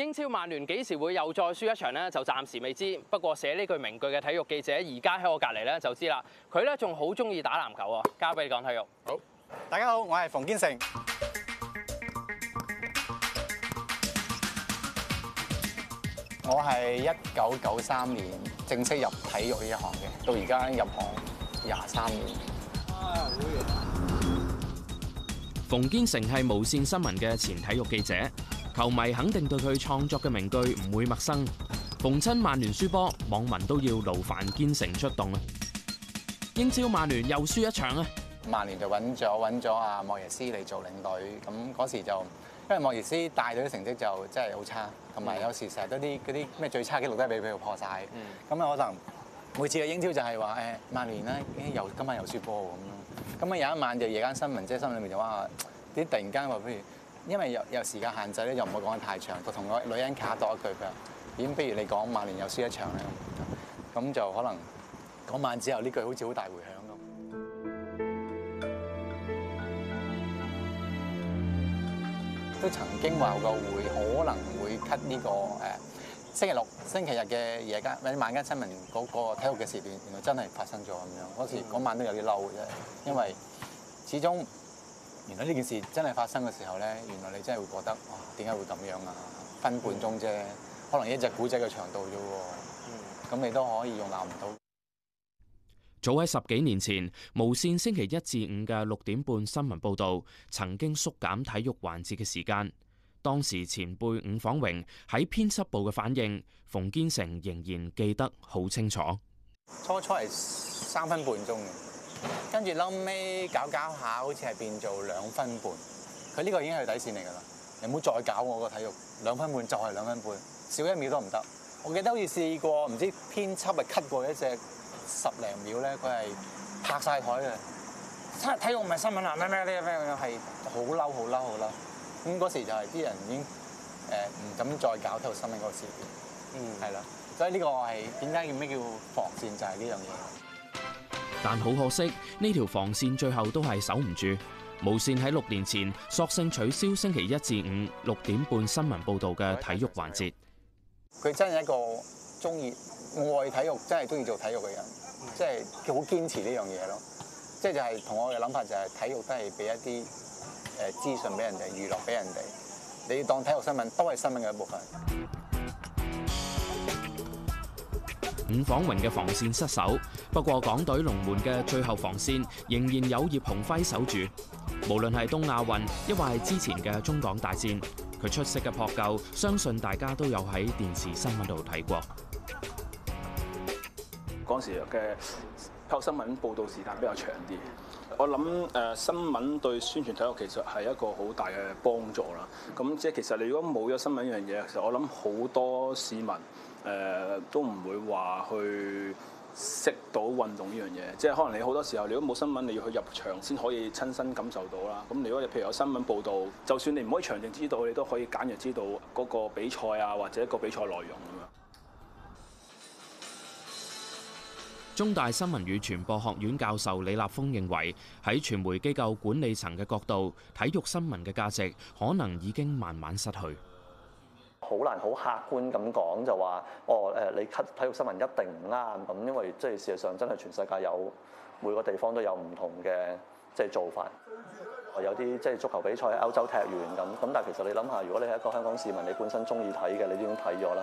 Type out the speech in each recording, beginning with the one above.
英超曼聯幾時會又再輸一場呢？就暫時未知。不過寫呢句名句嘅體育記者而家喺我隔離咧就知啦。佢咧仲好中意打籃球啊！交俾你講體育。好，大家好，我係馮堅成。我係一九九三年正式入體育呢一行嘅，到而家入行廿三年。馮堅成係無綫新聞嘅前體育記者。球迷肯定對佢創作嘅名句唔會陌生，逢親曼聯輸波，網民都要勞煩堅成出動啊！英超曼聯又輸一場啊！曼聯就揾咗揾咗阿莫耶斯嚟做領隊，咁嗰時就因為莫耶斯帶隊嘅成績就真係好差，同埋有時成日都啲嗰啲咩最差嘅紀錄都係俾佢破晒，咁啊可能每次嘅英超就係話誒，曼聯咧又今晚又輸波咁樣，咁啊有一晚就夜間新聞即係心裏面就話啲突然間話譬如。因為有有時間限制咧，又唔會講得太長。佢同個女人卡多一句，佢話，咁比如你講曼聯又輸一場咧，咁就可能嗰晚之後呢句，好似好大迴響咁。都曾經話過會可能會 cut 呢個誒星期六、星期日嘅夜間或者晚間新聞嗰個體育嘅時段，原來真係發生咗咁樣。嗰時嗰晚都有啲嬲嘅，因為始終。原來呢件事真係發生嘅時候呢，原來你真係會覺得哇，哦、點解會咁樣啊？分半鐘啫，可能一隻古仔嘅長度啫喎。咁、嗯、你都可以容納唔到。早喺十幾年前，無線星期一至五嘅六點半新聞報導曾經縮減體育環節嘅時間。當時前輩伍晃榮喺編輯部嘅反應，馮堅成仍然記得好清楚。初初係三分半鐘。跟住後尾搞搞下，好似係變做兩分半。佢呢個已經係底線嚟噶啦，你唔好再搞我個體育。兩分半就係兩分半，少一秒都唔得。我記得好似試過，唔知編輯咪 cut 過一隻十零秒咧，佢係拍晒台嘅。體體育唔係新聞欄咩咩咩咩，係好嬲好嬲好嬲。咁嗰時候就係啲人已經誒唔敢再搞呢個新聞嗰個事。嗯，係咯。所以呢個係點解叫咩叫防線就是這，就係呢樣嘢。但好可惜，呢條防線最後都係守唔住。無綫喺六年前索性取消星期一至五六點半新聞報道嘅體育環節。佢真係一個中意愛體育，真係中意做體育嘅人，即係好堅持呢樣嘢咯。即係就係、是、同我嘅諗法就係，體育都係俾一啲誒資訊俾人哋，娛樂俾人哋。你當體育新聞都係新聞嘅一部分。伍晃榮嘅防線失守，不過港隊龍門嘅最後防線仍然有葉鴻輝守住。無論係東亞運，亦或係之前嘅中港大戰，佢出色嘅撲救，相信大家都有喺電視新聞度睇過。嗰時嘅跑新聞報道時間比較長啲，我諗誒新聞對宣傳體育其實係一個好大嘅幫助啦。咁即係其實你如果冇咗新聞一樣嘢，其實我諗好多市民。呃、都唔會話去識到運動呢樣嘢，即係可能你好多時候，你都冇新聞，你要去入場先可以親身感受到啦。咁你如果譬如有新聞報導，就算你唔可以詳情知道，你都可以簡約知道嗰個比賽啊，或者個比賽內容咁樣。中大新聞與傳播學院教授李立峰認為，喺傳媒機構管理層嘅角度，體育新聞嘅價值可能已經慢慢失去。好難好客觀咁講就話，哦誒，你睇體育新聞一定唔啱咁，因為即係事實上真係全世界有每個地方都有唔同嘅即係做法，有啲即係足球比賽喺歐洲踢完咁，咁但係其實你諗下，如果你係一個香港市民，你本身中意睇嘅，你都已經睇咗啦？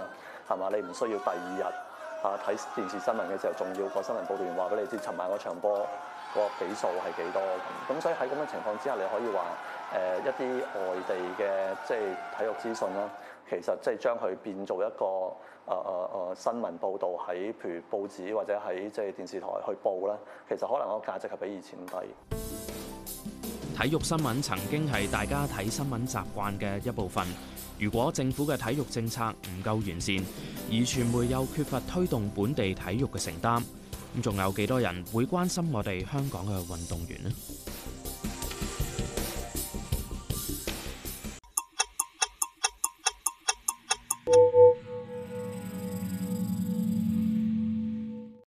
係嘛？你唔需要第二日啊睇電視新聞嘅時候，仲要個新聞報道員話俾你知，尋晚嗰場波個比數係幾多？咁所以喺咁嘅情況之下，你可以話。誒一啲外地嘅即係體育資訊啦，其實即係將佢變做一個誒誒誒新聞報道，喺譬如報紙或者喺即係電視台去報啦，其實可能個價值係比以前低。體育新聞曾經係大家睇新聞習慣嘅一部分。如果政府嘅體育政策唔夠完善，而傳媒又缺乏推動本地體育嘅承擔，咁仲有幾多人會關心我哋香港嘅運動員呢？